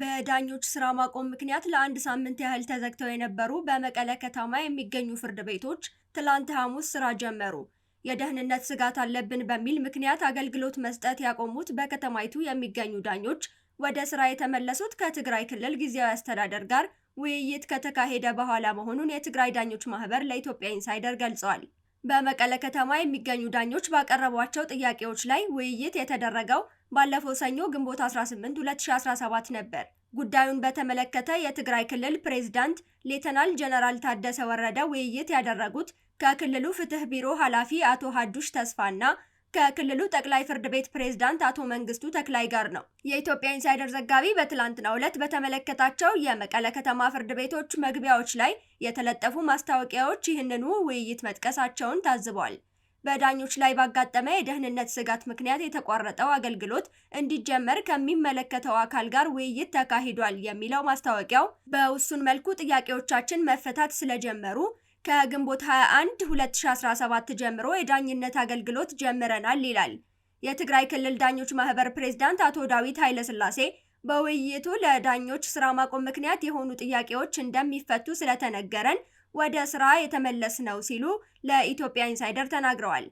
በዳኞች ስራ ማቆም ምክንያት ለአንድ ሳምንት ያህል ተዘግተው የነበሩ በመቀለ ከተማ የሚገኙ ፍርድ ቤቶች ትላንት ሐሙስ ስራ ጀመሩ። የደህንነት ስጋት አለብን በሚል ምክንያት አገልግሎት መስጠት ያቆሙት በከተማይቱ የሚገኙ ዳኞች ወደ ስራ የተመለሱት ከትግራይ ክልል ጊዜያዊ አስተዳደር ጋር ውይይት ከተካሄደ በኋላ መሆኑን የትግራይ ዳኞች ማህበር ለኢትዮጵያ ኢንሳይደር ገልጿል። በመቀለ ከተማ የሚገኙ ዳኞች ባቀረቧቸው ጥያቄዎች ላይ ውይይት የተደረገው ባለፈው ሰኞ ግንቦት 18 2017 ነበር። ጉዳዩን በተመለከተ የትግራይ ክልል ፕሬዝዳንት ሌተናል ጀነራል ታደሰ ወረደ ውይይት ያደረጉት ከክልሉ ፍትህ ቢሮ ኃላፊ አቶ ሀዱሽ ተስፋና ከክልሉ ጠቅላይ ፍርድ ቤት ፕሬዝዳንት አቶ መንግስቱ ተክላይ ጋር ነው። የኢትዮጵያ ኢንሳይደር ዘጋቢ በትላንትናው ዕለት በተመለከታቸው የመቀለ ከተማ ፍርድ ቤቶች መግቢያዎች ላይ የተለጠፉ ማስታወቂያዎች ይህንኑ ውይይት መጥቀሳቸውን ታዝቧል። በዳኞች ላይ ባጋጠመ የደህንነት ስጋት ምክንያት የተቋረጠው አገልግሎት እንዲጀመር ከሚመለከተው አካል ጋር ውይይት ተካሂዷል የሚለው ማስታወቂያው በውሱን መልኩ ጥያቄዎቻችን መፈታት ስለጀመሩ ከግንቦት 21 2017 ጀምሮ የዳኝነት አገልግሎት ጀምረናል ይላል። የትግራይ ክልል ዳኞች ማህበር ፕሬዝዳንት አቶ ዳዊት ኃይለስላሴ በውይይቱ ለዳኞች ስራ ማቆም ምክንያት የሆኑ ጥያቄዎች እንደሚፈቱ ስለተነገረን ወደ ስራ የተመለስ ነው ሲሉ ለኢትዮጵያ ኢንሳይደር ተናግረዋል።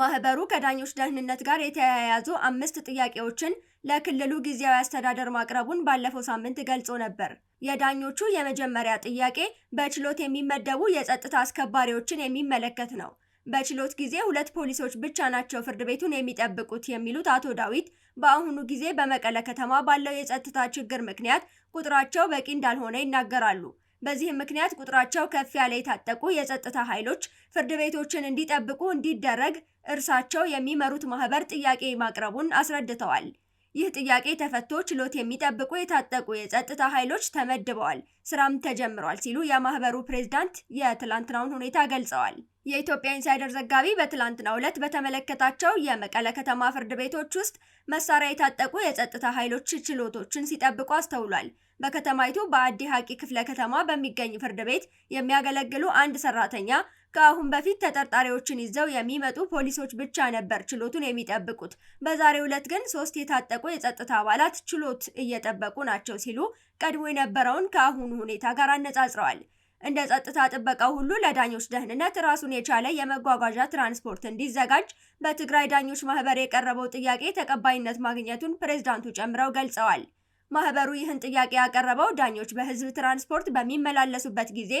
ማህበሩ ከዳኞች ደህንነት ጋር የተያያዙ አምስት ጥያቄዎችን ለክልሉ ጊዜያዊ አስተዳደር ማቅረቡን ባለፈው ሳምንት ገልጾ ነበር። የዳኞቹ የመጀመሪያ ጥያቄ በችሎት የሚመደቡ የጸጥታ አስከባሪዎችን የሚመለከት ነው። በችሎት ጊዜ ሁለት ፖሊሶች ብቻ ናቸው ፍርድ ቤቱን የሚጠብቁት የሚሉት አቶ ዳዊት በአሁኑ ጊዜ በመቀለ ከተማ ባለው የጸጥታ ችግር ምክንያት ቁጥራቸው በቂ እንዳልሆነ ይናገራሉ። በዚህም ምክንያት ቁጥራቸው ከፍ ያለ የታጠቁ የጸጥታ ኃይሎች ፍርድ ቤቶችን እንዲጠብቁ እንዲደረግ እርሳቸው የሚመሩት ማህበር ጥያቄ ማቅረቡን አስረድተዋል። ይህ ጥያቄ ተፈቶ ችሎት የሚጠብቁ የታጠቁ የጸጥታ ኃይሎች ተመድበዋል፣ ስራም ተጀምሯል ሲሉ የማህበሩ ፕሬዝዳንት የትላንትናውን ሁኔታ ገልጸዋል። የኢትዮጵያ ኢንሳይደር ዘጋቢ በትላንትናው ዕለት በተመለከታቸው የመቀለ ከተማ ፍርድ ቤቶች ውስጥ መሳሪያ የታጠቁ የጸጥታ ኃይሎች ችሎቶችን ሲጠብቁ አስተውሏል። በከተማይቱ በአዲ ሀቂ ክፍለ ከተማ በሚገኝ ፍርድ ቤት የሚያገለግሉ አንድ ሰራተኛ ከአሁን በፊት ተጠርጣሪዎችን ይዘው የሚመጡ ፖሊሶች ብቻ ነበር ችሎቱን የሚጠብቁት፣ በዛሬው ዕለት ግን ሶስት የታጠቁ የጸጥታ አባላት ችሎት እየጠበቁ ናቸው ሲሉ ቀድሞ የነበረውን ከአሁኑ ሁኔታ ጋር አነጻጽረዋል። እንደ ጸጥታ ጥበቃው ሁሉ ለዳኞች ደህንነት ራሱን የቻለ የመጓጓዣ ትራንስፖርት እንዲዘጋጅ በትግራይ ዳኞች ማህበር የቀረበው ጥያቄ ተቀባይነት ማግኘቱን ፕሬዝዳንቱ ጨምረው ገልጸዋል። ማህበሩ ይህን ጥያቄ ያቀረበው ዳኞች በህዝብ ትራንስፖርት በሚመላለሱበት ጊዜ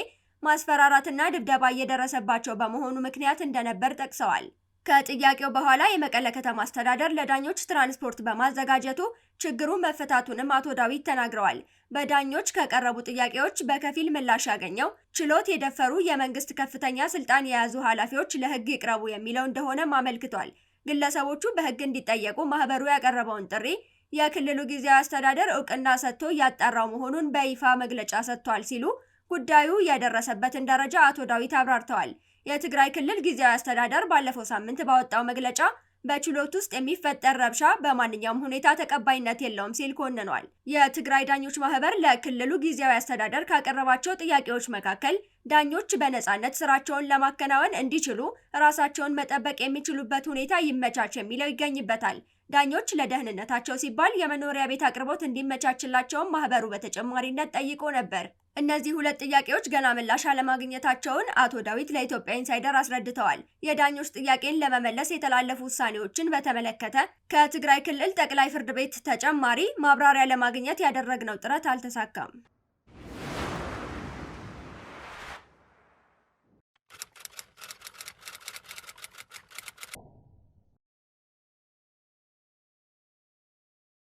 ማስፈራራትና ድብደባ እየደረሰባቸው በመሆኑ ምክንያት እንደነበር ጠቅሰዋል። ከጥያቄው በኋላ የመቀለ ከተማ አስተዳደር ለዳኞች ትራንስፖርት በማዘጋጀቱ ችግሩ መፈታቱንም አቶ ዳዊት ተናግረዋል። በዳኞች ከቀረቡ ጥያቄዎች በከፊል ምላሽ ያገኘው ችሎት የደፈሩ የመንግስት ከፍተኛ ስልጣን የያዙ ኃላፊዎች ለህግ ይቅረቡ የሚለው እንደሆነም አመልክቷል። ግለሰቦቹ በህግ እንዲጠየቁ ማህበሩ ያቀረበውን ጥሪ የክልሉ ጊዜያዊ አስተዳደር እውቅና ሰጥቶ እያጣራው መሆኑን በይፋ መግለጫ ሰጥቷል ሲሉ ጉዳዩ የደረሰበትን ደረጃ አቶ ዳዊት አብራርተዋል። የትግራይ ክልል ጊዜያዊ አስተዳደር ባለፈው ሳምንት ባወጣው መግለጫ በችሎት ውስጥ የሚፈጠር ረብሻ በማንኛውም ሁኔታ ተቀባይነት የለውም ሲል ኮንኗል። የትግራይ ዳኞች ማህበር ለክልሉ ጊዜያዊ አስተዳደር ካቀረባቸው ጥያቄዎች መካከል ዳኞች በነጻነት ስራቸውን ለማከናወን እንዲችሉ ራሳቸውን መጠበቅ የሚችሉበት ሁኔታ ይመቻች የሚለው ይገኝበታል። ዳኞች ለደህንነታቸው ሲባል የመኖሪያ ቤት አቅርቦት እንዲመቻችላቸውም ማህበሩ በተጨማሪነት ጠይቆ ነበር። እነዚህ ሁለት ጥያቄዎች ገና ምላሽ አለማግኘታቸውን አቶ ዳዊት ለኢትዮጵያ ኢንሳይደር አስረድተዋል። የዳኞች ጥያቄን ለመመለስ የተላለፉ ውሳኔዎችን በተመለከተ ከትግራይ ክልል ጠቅላይ ፍርድ ቤት ተጨማሪ ማብራሪያ ለማግኘት ያደረግነው ጥረት አልተሳካም።